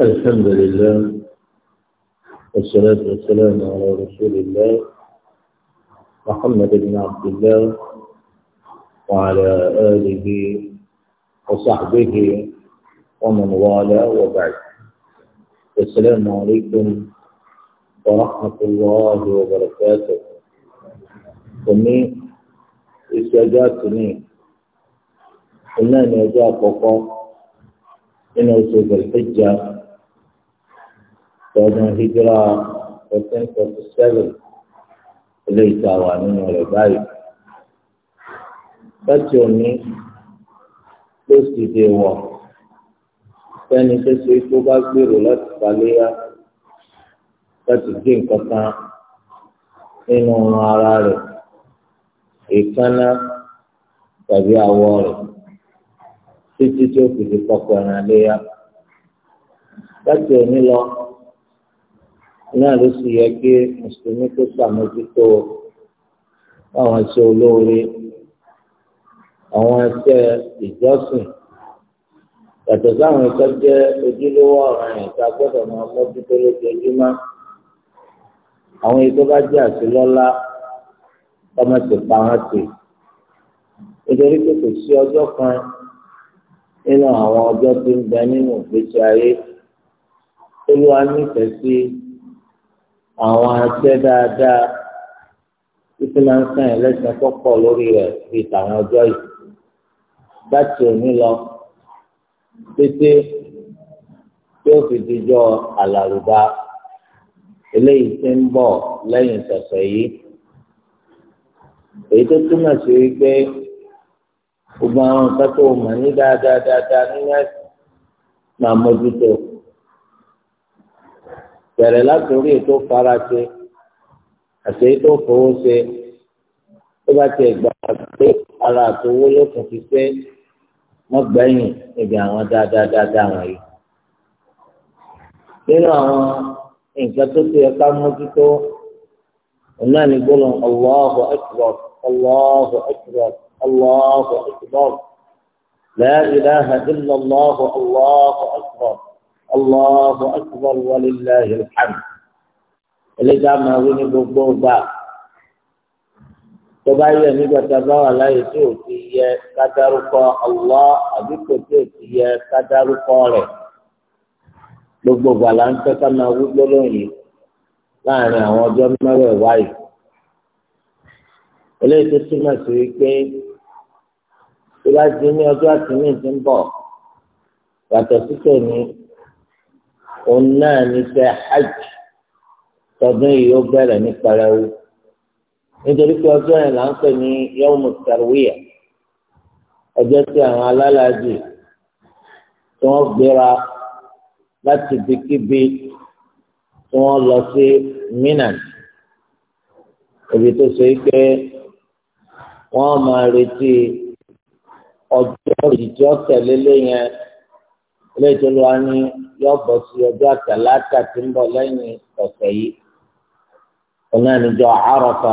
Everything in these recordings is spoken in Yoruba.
الحمد لله والصلاة والسلام على رسول الله محمد بن عبد الله وعلى آله وصحبه ومن والاه وبعد السلام عليكم ورحمة الله وبركاته ومي استجابتني إنني أجاب فقط إنه سوف الحجة tọdún hijira fourteen forty seven ilé ìta nínú rẹ̀ báyìí. láti òní ló sì dé wọ̀ sẹ́ni tó ṣe tó bá gbèrò láti paléyà láti gé nǹkan kan nínú ara rẹ̀ èékánná tàbí awọ títí tó fi di pọpọ láti òní lọ. náà ló sì yẹ kí mùsùlùmí tó ṣàmójútó àwọn ẹṣẹ olóore àwọn ẹṣẹ ìjọsìn yàtọ̀ sáwọn ẹṣẹ jẹ́ ojúlówó ọ̀ràn yẹn tá a gbọ́dọ̀ máa mójútó lójoojúmọ́ àwọn ètò bá jẹ́ àṣelọ́lá ọmọ ti pa wọn tì nítorí pé kò sí ọjọ́ kan nínú àwọn ọjọ́ tó ń bẹ nínú ìgbésí ayé olúwa nífẹ̀ẹ́ sí àwọn àṣẹ dáadáa títí máa ń sàn yẹn lẹ́sìn pọ́pọ̀ lórí rẹ̀ bíi tàwọn ọjọ́ yìí láti òní lọ títí tí ó fi dijọ́ àlàrúbá eléyìí tí ń bọ̀ lẹ́yìn sọ̀sẹ̀ yìí èyí tó túmọ̀ sí wípé gbogbo àwọn nǹkan tó mọ̀ ní dáadáa dáadáa nínú ẹ̀sìn máa mójútó bẹ̀rẹ̀ látòrí ètò faraṣe àti ètò fowó ṣe tó bá ti gbà pé ara àtòwó yóò tún fi ṣe wọ́n gbẹ̀yìn níbi àwọn dáadáa wọ̀nyí. nínú àwọn nǹkan tó ti ẹ̀ka mójútó náà ni gbọ́dọ̀ Allahu akbar Allahu akbar Allahu akbar la ilaha illa Allahu Allahu Allahu akbar walillahi alhamd ẹlẹ́dàá máa wí ní gbogbo ọgbà tó bá yẹ nígbà tá a bá wà láyé tí ò ti yẹ kò gbogbo ọgbà ń tẹ́ ká máa wí gbólóyìn láàrin àwọn ọjọ́ eléyìí tó túmọ̀ sí wípé tó bá ní ọjọ́ òun náà ní ṣe hajj tọdún yìí ó bẹ̀rẹ̀ ní pẹrẹwu nítorí pé ọjọ́ yẹn là ń pè ní yawmu tarwiyah ọjọ́ tí àwọn alálàájì tí wọ́n gbéra láti ibikíbi tí wọ́n lọ sí Mina ibi tó ṣe pé wọ́n máa retí ọjọ́ ìjọ tẹ̀lé lẹ́yìn ilé ìtọ́lúwa ní yọ bọ̀ sí ọjọ́ àtàlátà tí ń bọ̀ lẹ́yìn ọ̀sẹ̀ yìí ọ̀nà níjọ àrọ̀fà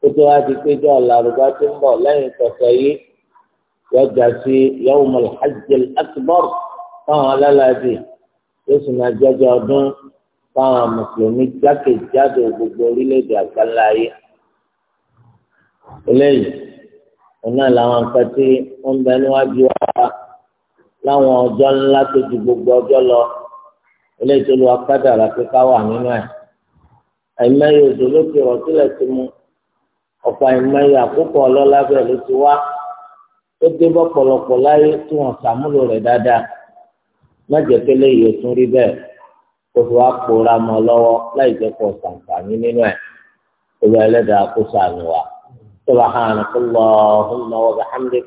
tó tó wá ti péjọ làrúbá tí ń bọ̀ lẹ́yìn ọ̀sẹ̀ yìí yọjà sí yawmul hajjil akbar fáwọn alálàájì yóò sì máa jọjọ ọdún fáwọn mùsùlùmí jákèjádò gbogbo orílẹ̀ àgbáńlá ayé eléyìí ọ̀nà làwọn nǹkan ń bẹ níwájú wa láwọn ọjọ́ ńlá tó ju gbogbo ọjọ́ lọ eléyìí tó lu akádàrà pé ká wà nínú ẹ̀ àìmọye òjò ló ti rọ̀ sílẹ̀ sí mu ọ̀pọ̀ àìmọye àkókò ọlọ́lá bẹ́ẹ̀ ló ti wá ó dé bọ́pọ̀lọpọ̀ láyé tí wọ́n sàmúlò rẹ̀ dáadáa má jẹ́ pé léyìí ó tún rí bẹ́ẹ̀ kó fi wá pòórá mọ́ lọ́wọ́ láì jẹ́ pọ̀ sàǹfààní nínú ẹ̀ olú ẹlẹ́dàá kó sàmì wa subhanakallahumma wa bihamdik.